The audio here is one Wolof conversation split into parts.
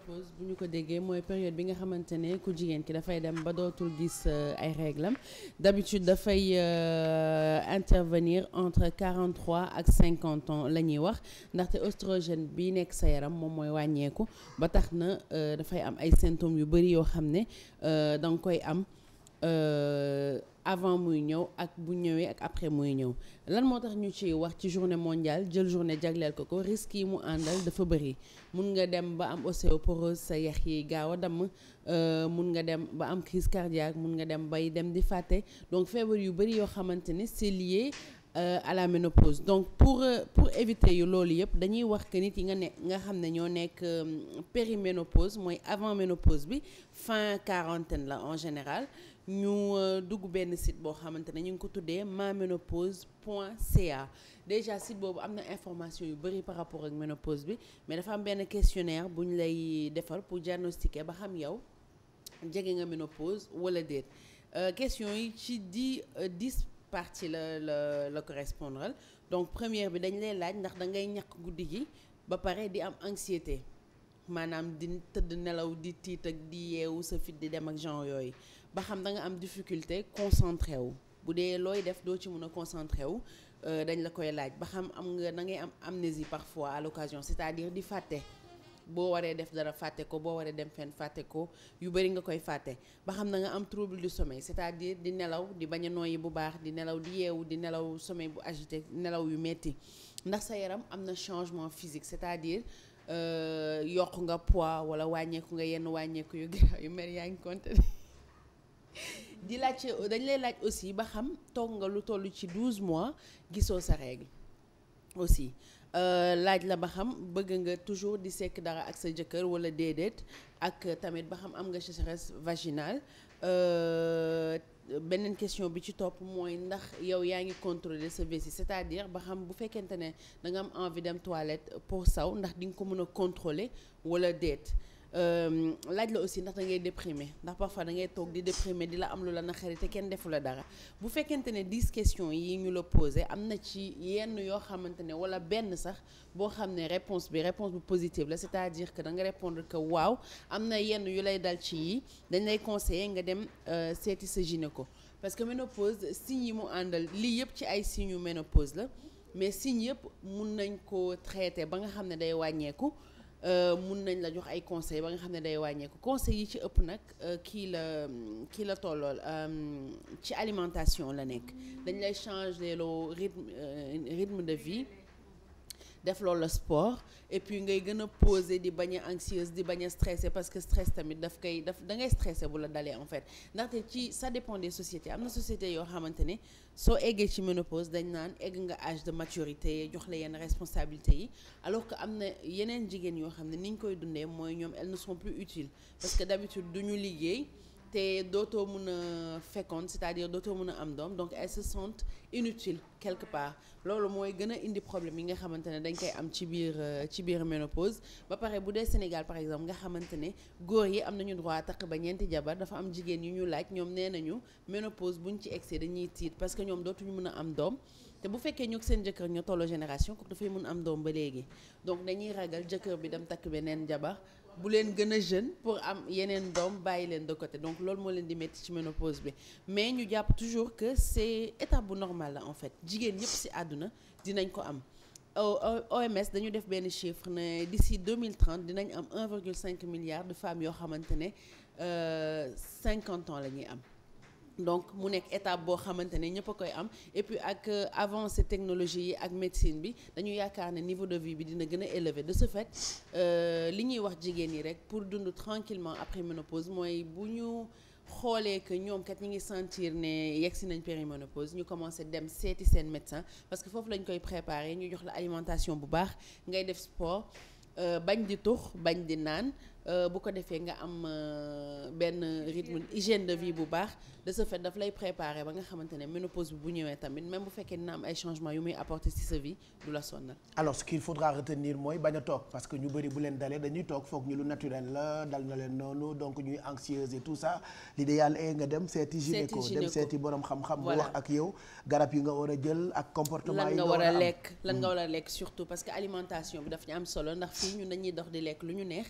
ménopause bu ñu ko déggee mooy période bi nga xamante ne ku jigéen ki dafay dem ba dootul gis euh, ay règlam d'habitude dafay euh, intervenir entre 43 ak 50 ans la ñuy wax ndaxte oestrogène bi nekk sa yaram moom mooy wàññeeku ba tax na euh, dafay am ay symptômes yu bëri yoo xam ne danga koy am Euh, avant muy ñëw ak bu ñëwee ak après muy ñëw lan moo tax ñu ci wax ci journée mondiale jël journée jagleel ko ko risques yi mu àndal dafa bëri mun nga dem ba am ostéoporose sa yax yi gaaw a damm euh, mun nga dem ba am crise cardiaque mun nga dem bay dem di fàtte donc feebar yu bëri yoo xamante ne c'est Euh, à la ménopause donc pour euh, pour éviter yu loolu yëpp dañuy wax que nit yi nga ne nga xam ne ñoo nekk euh, périménopause mooy avant ménopause bi fin quarantaine la en général ñu dugg benn site boo xamante ne ñu ngi ko tuddee ma ménopause point ca déjà site boobu am na information yu bëri par rapport ak ménopause bi mais dafa am benn questionnaire bu ñu lay defal pour diagnostiquer ba xam yow jege nga ménopause wala déet question yi ci di dix partie la la la correspondral donc première bi dañ lay laaj ndax da ngay ñàkk guddi gi ba pare di am anxiété maanaam di tëdd nelaw di tiit ak di yeewu sa fit di dem ak genre yooyu ba xam da nga am difficulté concentré wu bu dee looy def doo ci mun a concentré wu euh, dañ la koy laaj ba xam am nga da ngay am amnésie parfois à l'occasion cest à diir di fàtte boo waree def dara fàtte ko boo waree dem fenn fàtte ko yu bëri nga koy fàtte ba xam na nga am trouble du sommeil c'est-à-dire di nelaw di bañ a nooyi bu baax di nelaw di yeewu di nelaw sommeil bu agité nelaw yu metti ndax sa yaram am na changement physique c'est-à-dire euh, yokk nga pois wala wàññeeku nga yenn wàññeeku yu garaaw yu mer yaa ngi compté di laaj dañ lay laaj aussi ba xam toog nga lu toll ci 12 mois gisoo sa règle aussi Euh, laaj la ba xam bëgg nga toujours di sekk dara ak sa jëkkër wala déedéet ak tamit ba xam am nga sécheresse vaginale euh, beneen question bi ci topp mooy ndax yow yaa ngi contrôler sa yi c'est-à-dire ba xam bu fekkente ne da nga am envie dem toilette pour saw ndax di nga ko mën a controler wala déet. Euh, laaj la aussi ndax da ngay déprimer ndax parfois da ngay toog di déprimer di la am lu la na xarit te kenn defu la dara bu fekkente ne dix questions yi ñu la posé am na ci yenn yoo xamante ne wala benn sax boo xam ne réponse bi réponse bu positive la c'est-à-dire que da nga répondre que waaw am na yenn yu lay dal ci yi dañ lay conseiller nga dem euh, seeti sa gynéco parce que ménopause signes yi mu àndal lii yëpp ci ay signes yu ménopause la mais signes yëpp mun nañ koo traiter ba nga xam ne day wàññeeku Euh, mun nañ la jox ay conseil ba nga xam ne day wàññeeku conseils yi ci ëpp nag euh, kii la kii la tollool euh, ci alimentation la nekk dañ lay changer loo rythme ritme de vie def lool la sport et puis ngay gën a posé di bañ a anxieuse di bañ a parce que stress tamit daf koy daf dangay ngay stressé bu la dalee en fait ndaxte ci sa dépend des sociétés am na société yoo xamante ne soo eggee ci ménopause dañ naan egg nga âge de maturité jox la yenn responsabilité yi alors que am na yeneen jigéen yoo xam ne ni ñu koy dundee mooy ñoom elles ne sont plus utiles parce que d'habitude duñu liggéey te dootoo mun a féconde c'est-à-dire dootoo mun a am doom donc elles se sentent inutiles quelque part loolu mooy gën a indi problème yi nga xamante ne dañ koy am ci biir euh, ci biir ménopause ba pare bu dee Sénégal par exemple nga xamante ne góor yi am nañu droit taq ba ñeenti jabar dafa am jigéen yu ñu laaj ñoom nee nañu ménopause buñ ci egsee dañuy tiit parce que ñoom dootuñu mun a am doom te bu fekkee ñoo seen jëkkër ñoo tolloo génération ko dafay mun am doom ba léegi donc dañuy ragal jëkkër bi dem takk beneen jabar bu leen gën a jeune pour am yeneen doom bàyyi leen de côté donc loolu moo leen di metti ci ménopause bi mais ñu jàpp toujours que c'est étape bu normal la en fait jigéen ñëpp si àdduna dinañ ko am OMS dañu def benn chiffre ne d'ici 2030 dinañ am 1,5 milliard de femmes yoo xamante ne 50 euh, ans la ñuy am donc mu nekk étape boo xamante ne ñëpp a koy am et puis ak euh, avancée technologie yi ak médecine bi dañu yaakaar ne niveau de vie bi dina gën a élevé de ce fait euh, li ñuy wax jigéen ñi rek pour dund tranquillement après ménopause mooy bu ñu xoolee que ñoom kat ñi ngi sentir ne yegg si nañ périménopause ñu commencé dem seeti seen médecin parce que foofu lañu koy préparer ñu jox la alimentation bu baax ngay def sport euh, bañ di tux bañ di naan Euh, bu ko defee nga am euh, benn rythme hygiène de vie bu baax de ce fait daf lay préparer ba nga xamante ne ménopause bi bu ñëwee tamit même bu fekkee dina am ay changements yu muy apporter ci sa vie du la sonnal. alors ce qu'il faudra retenir mooy bañ a toog parce que ñu bëri bu leen dalee dañuy toog foog ñu lu naturel la dal na leen noonu donc ñuy anxieuse et tout ça l'idéal est nga dem seeti gynéco dem seeti borom xam-xam. bu wax ak yow garab yi nga war a jël ak comportement yi nga war a lekk lan nga hmm. war a lekk surtout parce que alimentation bi daf ñu am solo ndax fii ñun dañuy dox di lekk lu ñu neex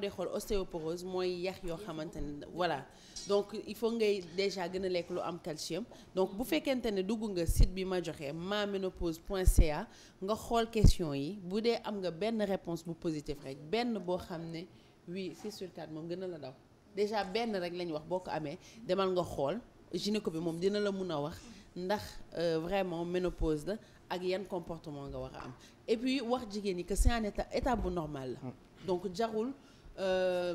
boo dee xool ostéoporose mooy yax yoo xamante ne voilà donc il faut ngay déjà gën a lekk lu am calcium donc bu fekkente ne dugg nga site bi ma joxee joxe maménopause point ca nga xool question yi bu dee am nga benn réponse bu positive rek benn boo xam ne oui 6 sur moom gën a la daw déjà benn rek lañ wax boo ko amee demal nga xool gynéco bi moom dina la mun a wax ndax euh, vraiment ménopause la ak yan comportement nga war a am et puis wax jigéen ñi que c'est un état bu normal la mm. Euh,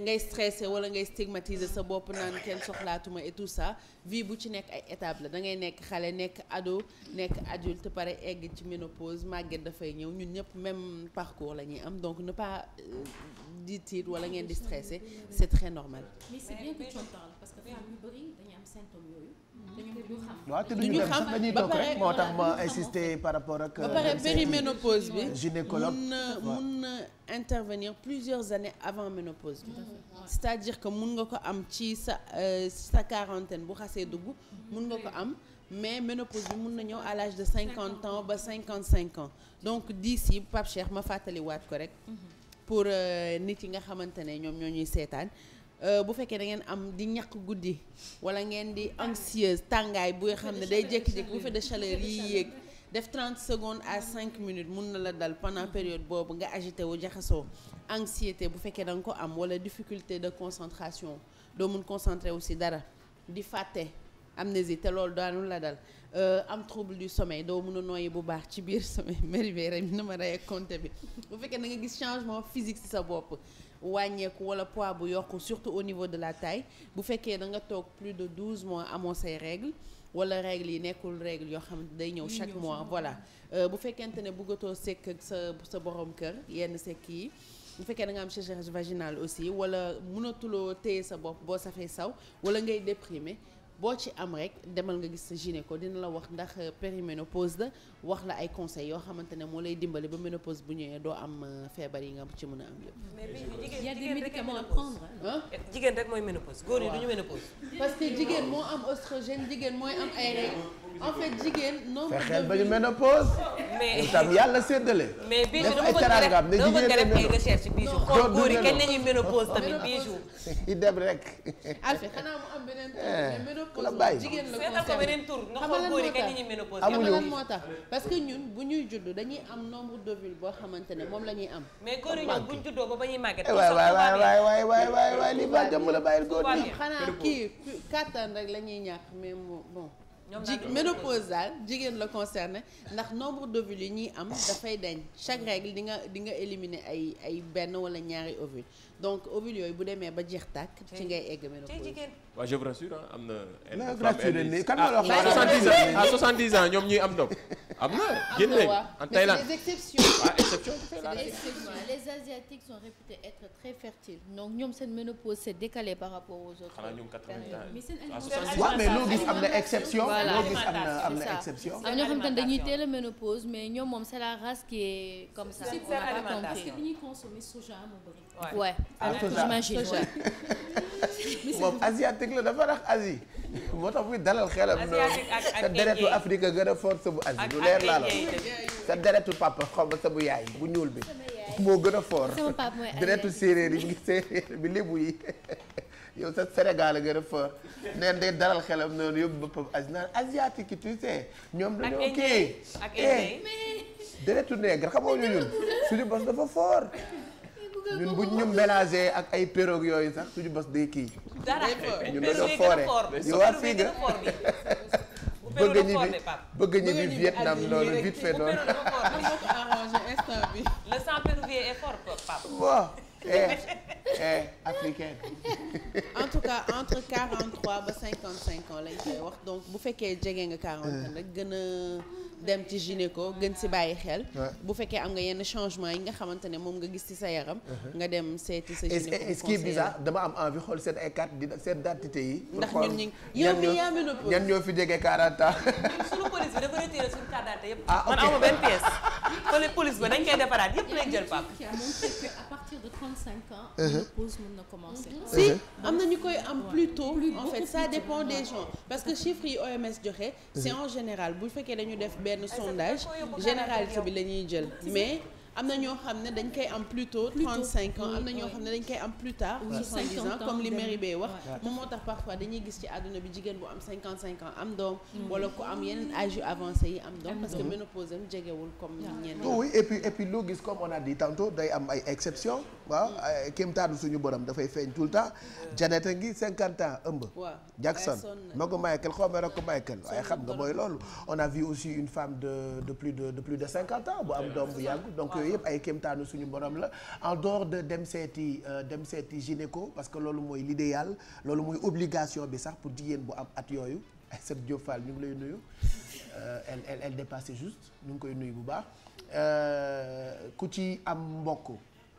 ngay stressé wala ngay stigmatiser sa bopp naan kenn soxlaatuma et tout ça vie bu ci nekk ay étape la dangay nekk xale nekk ado nekk adulte pare egg ci ménopause màgget dafay ñëw ñun ñëpp même parcours la ñuy am donc ne pas euh, di tiit wala ngeen di stressé c'est très normal. mais waaw te duñu dem sax rek moo tax ma insister par rapport ak. ba pare euh, périménopause bi gynécologue mun na mun na intervenir plusieurs années avant ménopause bi. c'est-à-dire que mun nga ko am ci sa euh, sa quarantaine bu xasee dugg. mun nga ko am mais ménopause bi mun na ñëw à de cinquante ans ba cinquante cinq ans donc d'ici Pape Cheikh ma fàttaliwaat ko rek. pour euh, nit yi nga xamante ne ñoom ñoo ñuy seetaan. Euh, bu fekkee da ngeen am di ñàkk guddi wala ngeen di anxieuse tàngaay buy xam ne day jékki-jékki bouffée de chaleur yi yéeg def 30 secondes à cinq minutes mun na la dal pendant période boobu nga agité wu jaxasoo anxiété bu fekkee da nga ko am wala difficulté de concentration doo mun concentré aussi dara di fàtte amnésie te loolu daanul la dal euh, am trouble du sommeil doo mun a nooyi bu baax ci biir sommeil mérivé rek na ma rey ak compte bi bu fekkee da nga gis changement physique sa bopp wàññeeku wala poids bu yokk surtout au niveau de la taille bu fekkee da nga toog plus de douze mois amoo say règles wala règles yi nekkul règles yoo xam ne day ñëw chaque mois voilà euh, bu fekkente ne bëggatoo sekk ak sa sa borom kër yenn sekk yi bu fekkee da nga am sécheresse vaginale aussi wala mënatuloo téye sa bopp boo safee saw wala ngay déprimer boo ci am rek demal nga gis sa gynéco dina la wax ndax pose la wax la ay conseils yoo xamante ne moo lay dimbali ba ménopause bu ñëwee doo am euh, feebar yi nga ci mën a am yëpp. mais jigéen rek mooy ménopause. góor yi du ñu ménopause. parce que jigéen moo am oestrogène mooy am ay rek en fait jigéen. nombre de fexeel ba ñu ménopause. mais itam yàlla séddale. mais bii dama bëgg nga def dama bëgg nga def ay bii xool yi dem rek. beneen tur eh, mais jigéen la seetal ko beneen tur nga xool góor yi kañ la ñuy moo tax parce que ñun bu ñuy judd dañuy am nombre d'ovules boo xamante ne moom la ñuy am mais góor yi ñoom bu ñu juddoo màgget eh, waay waay waay waay waay waay waay li ba jëm la bàyyil góor yi xanaa kii kattan rek la ñuy ñàkk mais bon jigéen ménopause daal jigéen la concerné ndax nombre d'ovules yi ñuy am dafay dañ chaque règle di nga di nga éliminer ay ay benn wala ñaari ovule donc ovule yooyu bu demee ba jeex tàkk ci ngay egg ménopause waaw je vous rassure am na. Ah, à 70 an ñoom ñuy am doom. am na génne en Thaïlande mais c'est des exceptions. ah les asiatiques sont réputés être très fertiles donc ñoom seen ménopause c'est décalé par rapport aux autres. xanaa ñoom 80 mais ah, loo gis am na exception. voilà loo am na am na exception. am ñoo xam mais ñoom moom c'est la race qui est comme ça. on pas compris parce que bi ñuy consommer soja moo ouais. ah soja j'imagine ouais. moom asiatique la dafa rax Asie moo tax muy dalal xelam. asiatique sa deretu Afrique gën a fort sa bu Asie. lu leer laa la sa deretu papa xaw ma sa bu yaay bu ñuul bi. moo gën a fort sama deretu séeréer yi ngi séeréer bi lébu yow sa Sénégal a gën a fort neen day dalal xelam noonu yóbbu boppam Asie naan asiatique tu sais ñoom dañoo kii. Eh, deretu néeg xamoo ñu ñun suñu bos dafa fort. ñun bu ñu mélangé ak ay pirogue yooyu sax suñu bos day kii. dara ñun dañoo foore yow waa fii nga bëgg ñibbi bëgg ñibbi Vietnam noonu vite fait noonu. le Eh, africaine. en tout cas entre 43 ba 55 ans lañ koy wax donc bu fekkee jege nga 40 ans eh. rek gën a dem ci gynéco gën si bàyyi xel. bu fekkee am nga yenn changement yi nga xamante ne moom nga gis ci sa yaram. Uh-huh. nga dem seeti sa gynéco conseiller dama am envie xool seen ay carte di seen identité yi. ndax ñun ñu yow mi yaa mel ni ñan fi jege 40 ans. suñu police bi dafa retiré suñu carte d'identité yëpp. ah ok man amu benn pièce. police partir de 35 ans. Uh-huh. pause mën na commencer. si am na ñu koy am plus tôt en fait ça dépend des gens parce que chiffres yi OMS joxe. c'est mhm. en général bu fekkee dañu def benn sondage généralité bi la ñuy jël mais. am na ñoo xam ne dañ koy am plus tôt. trente cinq ans am na ñoo xam ne dañ koy am plus tard. soixante-dix ans comme moo tax parfois dañuy gis ci àdduna bi jigéen bu am cinquante cinq ans am doom. Mm. wala ku am yeneen âge am doom. parce que ménopause am jegewul comme ñenn. Oh oui et puis et puis loo gis comme on a dit tantôt day am ay mm. suñu borom dafay feeñ tout le temps. Janet a ngi cinquante ans ëmb. waaw Jackson ma Michael xaw ma Michael waaye xam nga mooy loolu. on a vu aussi une femme de de plus de de cinquante ans bu am doom bu yàgg yooyu yëpp ay kéemtaanu suñu borom la en dehors de dem seeti euh, dem seeti gynéco parce que loolu mooy l'idéal loolu mooy obligation bi sax pour jigéen bu ab at yooyu Aïssatou Diop Fall ñu ngi lay nuyu euh, elle elle dépassé juste ñu ngi koy nuyu bu baax euh, ku ci am mbokk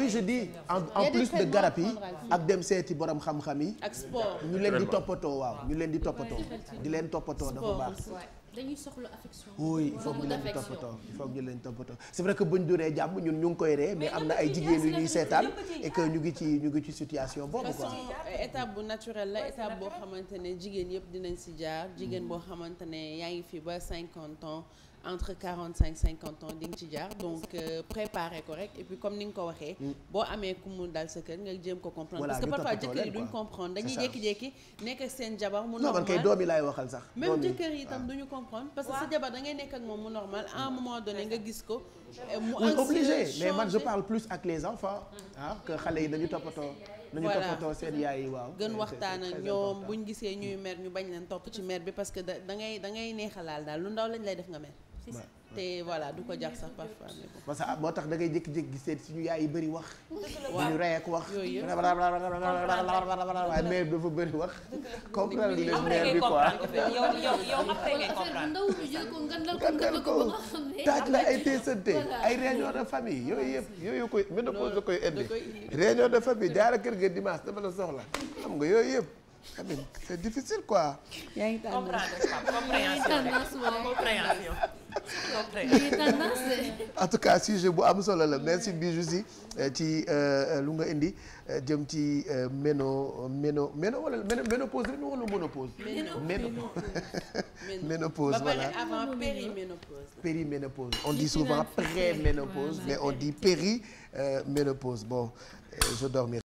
oui je en, en plus de garab yi ak dem seeti borom xam-xam yi. ak sport ñu leen di toppatoo waaw ñu leen di toppatoo. di leen toppatoo dafa baax. dañuy soxla affection. oui il faut ñu leen di toppatoo il faut ñu leen di toppatoo c'est vrai que buñ duree jàmm ñun ñu ngi koy ree mais am na ay jigéen yi ñuy seetaan et que ñu ngi ci ñu ngi ci situation boobu quoi. état bu naturel la étape boo xamante ne jigéen yëpp dinañ si jaar. Mm. jigéen boo xamante ne yaa ngi fi ba cinquante ans. entre quarante cinq cinquante ans di nga ci jaar donc euh, préparer ko rek et puis comme ni nga ko waxee. Mm. boo amee ku mu dal sa kër nga jéem ko comprendre. parce que parfois jëkkër yi duñ comprendre dañuy jékki-jékki nekk jabar mu laay waxal sax. même jëkkër yi itam ah. duñu comprendre. parce que sa jabar da ngay nekk ak moom mu normal à mm. moment donné nga gis ko. Euh, mu obligé mais man je parle plus ak les enfants. ah que xale yi dañu toppatoo. nañu toppatoo seen yaay yi waaw. gën waxtaan ak ñoom buñ gisee ñuy mer ñu bañ leen topp ci mer bi parce que da ngay da ngay neexalaal daal lu ndaw lañ lay def nga mer te voilà du ko jar sax parfois mais bon. parce que ah, moo tax da ngay jékki-jékki seet suñu yaay yi bëri wax. ñu rey ak wax. yooyu yëpp waaye mère dafa bëri wax. comprendre leen mère bi quoi yow yow après ngay ko taaj la ay teesante ay réunion de famille yooyu yëpp yooyu koy ménopause da koy indi. réunion de famille jaara kër ga dimanche dama la soxla xam nga yooyu yëpp. c'est difficile quoi. yaa ngi en tout cas sujet bu am solo la merci Bijou si euh, ci euh, euh, lu nga indi jëm ci méno méno méno wala ménopause rek wala monopause. ménopause ménopause voilà avant périménopause. périménopause on dit souvent préménopause mais on dit péri ménopause bon je